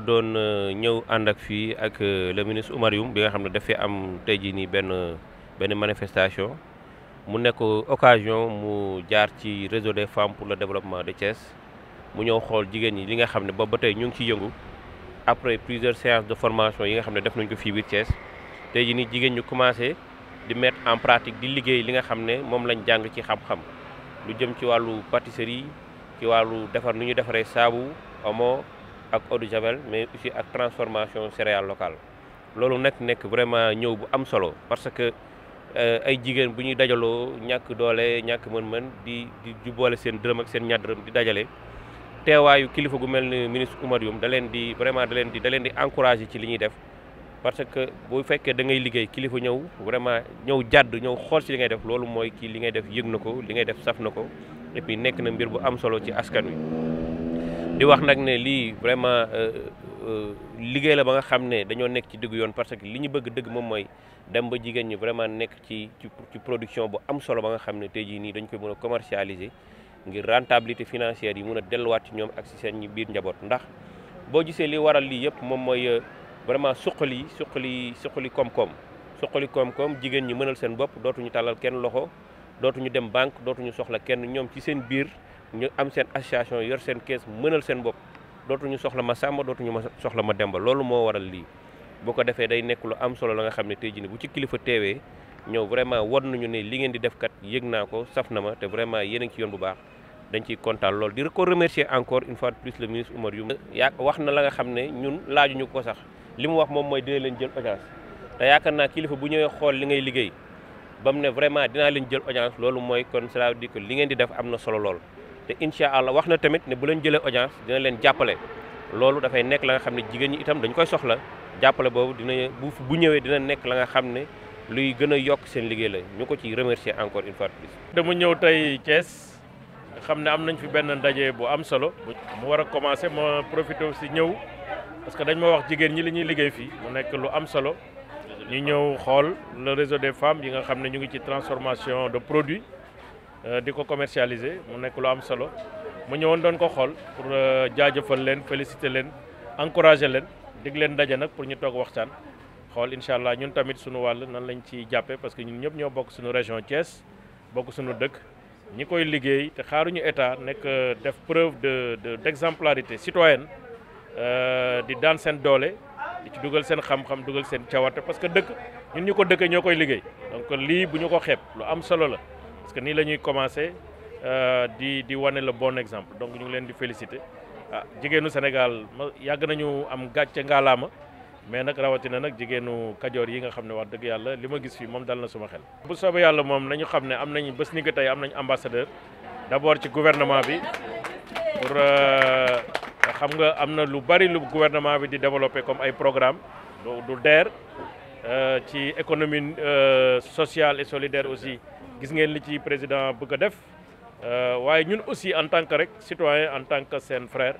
dama doon euh, ñëw ànd ak fii ak euh, le ministre Oumar bi nga xam ne daf am tey jii nii benn benn manifestation mu nekk occasion mu jaar ci réseau de femmes pour le développement de Thiès mu ñëw xool jigéen ñi li nga xam ne boobu ba tey ñu ngi ciy yëngu après plusieurs séances de formation yi nga xam ne def nañ ko fii biir Thiès tey jii nii jigéen ñu commencé di mettre en pratique di liggéey li nga xam ne moom lañ jàng ci xam-xam lu jëm ci wàllu pâtisserie ci wàllu defar nu ñu defaree ak eau de javel mais aussi ak transformation céréale locale loolu nag nekk vraiment ñëw bu am solo parce que euh, ay jigéen bu ñuy dajaloo ñàkk doole ñàkk mën-mën di di jubboole seen dërëm ak seen ñaar dërëm di dajale teewaayu kilifa gu mel ni ministre Oumar yoom da leen di vraiment da leen di da leen di encouragé ci li ñuy def parce que bu fekkee da ngay liggéey kilifa ñëw vraiment ñëw jàdd ñëw xool ci li ngay def loolu mooy kii li ngay def yëg na ko li ngay def saf na ko et nekk na mbir bu am solo ci askan di wax nag ne lii vraiment euh, euh, euh, liggéey la ba nga xam ne dañoo nekk ci diggu yoon parce que li ñu bëgg dëgg moom mooy dem ba jigéen ñi vraiment nekk ci ci production bu am solo ba nga xam ne tey jii nii dañu koy mën a commercialiser ngir rentabilité financière yi mun a delluwaat ci ñoom ak si seen biir njaboot ndax boo gisee li waral lii yëpp moom mooy vraiment suqali suqali suqali koom-koom suqali koom-koom jigéen ñi mënal seen bopp dootuñu tàllal kenn loxo dootuñu dem banque dootuñu soxla kenn ñoom ci seen biir ñu am seen association yor seen kees mënal seen bopp dootuñu soxla ma sàmm dootuñu ma soxla ma demba loolu moo waral lii boo ko defee day nekk lu am solo la nga xam ne tey jii nii bu ci kilifa teewee ñëw vraiment war nañu ne li ngeen di def kat yëg naa ko saf na ma te vraiment yéen ci yoon bu baax dañ ciy kontaan loolu di ko remercier encore une fois de plus le ministre Oumar Youm yaa wax na la nga xam ne ñun laajuñu ko sax li mu wax moom mooy dina leen jël audience yaakaar naa kilifa bu ñëwee xool li ngay liggéey ba mu ne vraiment dinaa leen jël audience loolu mooy kon cela veut dire li ngeen di def am na solo lool te incha allah wax na tamit ne bu leen jëlee audience dina leen jàppale loolu dafay nekk la nga xam ne jigéen ñi itam dañu koy soxla jàppale boobu dina bu bu ñëwee dina nekk la nga xam ne luy gën a yokk seen liggéey la ñu ko ci remercier encore une fois de plus. ñëw tey Thiès xam ne am nañ fi benn ndaje bu am solo. mu war a commencé ma profité si ñëw parce que dañ ma wax jigéen ñi li ñuy liggéey fii mu nekk lu am solo ñu ñëw xool le réseau des femmes yi nga xam ne ñu ngi ci transformation de produit. Euh, di ko commercialiser mu nek lu am solo mu ñewon doon ko xol pour euh, jaajeufal len féliciter len encourager len dig len dajé nak pour ñu tok waxtaan xol inshallah allah ñun tamit suñu wal, nan lañ ci pas parce que ñun ñëp ñoo bok suñu région Thiès bok suñu dëkk ñi koy liggéey te xaaruñu état nek euh, def preuve de de d'exemplarité citoyenne di daan sen doole di ci duggal sen xam-xam duggal sen cawarte parce que dëkk ñun ñi ko dëkk ñoo koy liggéey donc lii buñu ko xép lu am solo la parce que ni lañuy commencé euh di di wone le bon exemple donc ñu ngi leen di féliciter ah jigéenu Sénégal yag nañu am gàcce ngalama mais rawati na nak jigéenu kadior yi nga xamné ne wax dëgg yàlla li gis fi mom dal na suma xel bu soobee yalla mom nañu xamné am nañ bés ni nga tay am nañ ambassadeur d'abord ci gouvernement bi pour euh, xam nga amna lu bari lu gouvernement bi di développer comme ay programme du DER euh, ci économie euh, sociale et solidaire aussi gis ngeen li ci président bëgg a def euh, waaye ñun aussi en tant que rek citoyen en tant que seen frère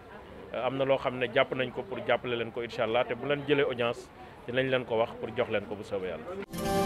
euh, am na loo xam ne jàpp nañ ko pour jàppale leen ko incha allah te bu leen jëlee audience dinañ leen ko wax pour jox leen ko bu soobee yàlla.